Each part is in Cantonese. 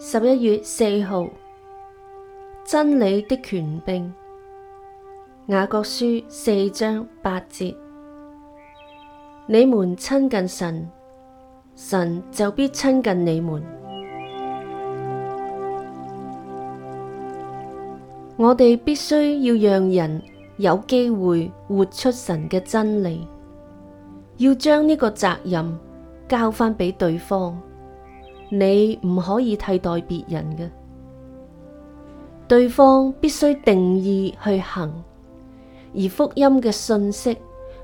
十一月四號，真理的權柄，雅各書四章八節：你們親近神，神就必親近你們。 我哋必須要讓人有機會活出神嘅真理，要將呢個責任交返畀對方。你唔可以替代別人嘅，對方必須定義去行，而福音嘅信息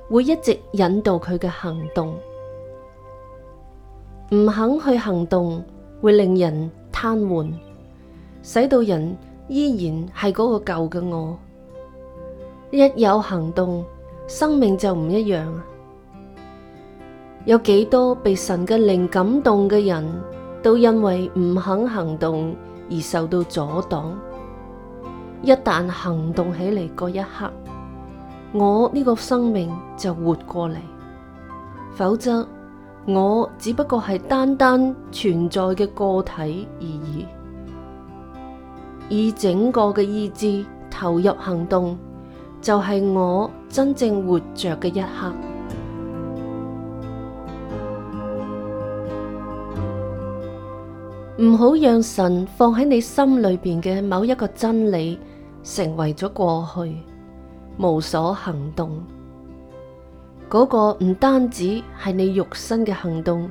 會一直引導佢嘅行動。唔肯去行動，會令人癱瘓，使到人依然係嗰個舊嘅我。一有行動，生命就唔一樣。有幾多被神嘅靈感動嘅人？都因為唔肯行動而受到阻擋。一旦行動起嚟嗰一刻，我呢個生命就活過嚟；否則，我只不過係單單存在嘅個體而已。以整個嘅意志投入行動，就係我真正活着嘅一刻。唔好讓神放喺你心裏邊嘅某一個真理成為咗過去，無所行動。嗰個唔單止係你肉身嘅行動，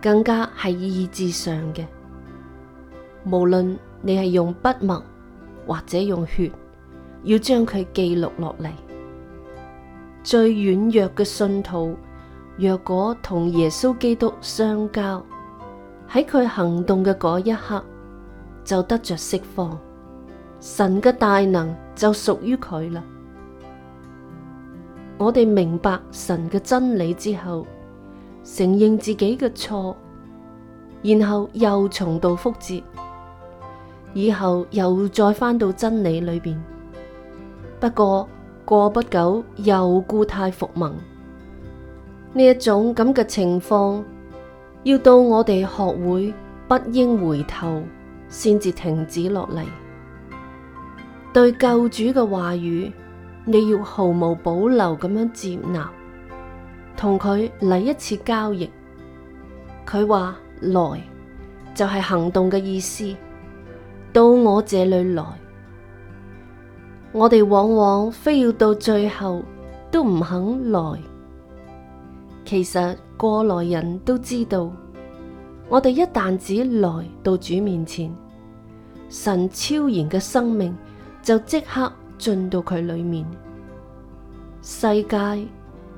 更加係意志上嘅。無論你係用筆墨或者用血，要將佢記錄落嚟。最軟弱嘅信徒，若果同耶穌基督相交，喺佢行動嘅嗰一刻，就得着釋放，神嘅大能就屬於佢啦。我哋明白神嘅真理之後，承認自己嘅錯，然後又重蹈覆轍，以後又再翻到真理裏邊。不過過不久又故態復萌，呢一種咁嘅情況。要到我哋學會不應回頭，先至停止落嚟。對救主嘅話語，你要毫無保留咁樣接納，同佢嚟一次交易。佢話來就係、是、行動嘅意思，到我這裡來。我哋往往非要到最後都唔肯來。其實過來人都知道，我哋一旦只來到主面前，神超然嘅生命就即刻進到佢裏面，世界、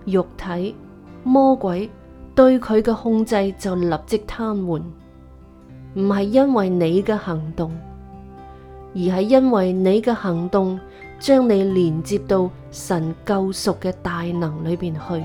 肉體、魔鬼對佢嘅控制就立即癱瘓。唔係因為你嘅行動，而係因為你嘅行動將你連接到神救贖嘅大能裏邊去。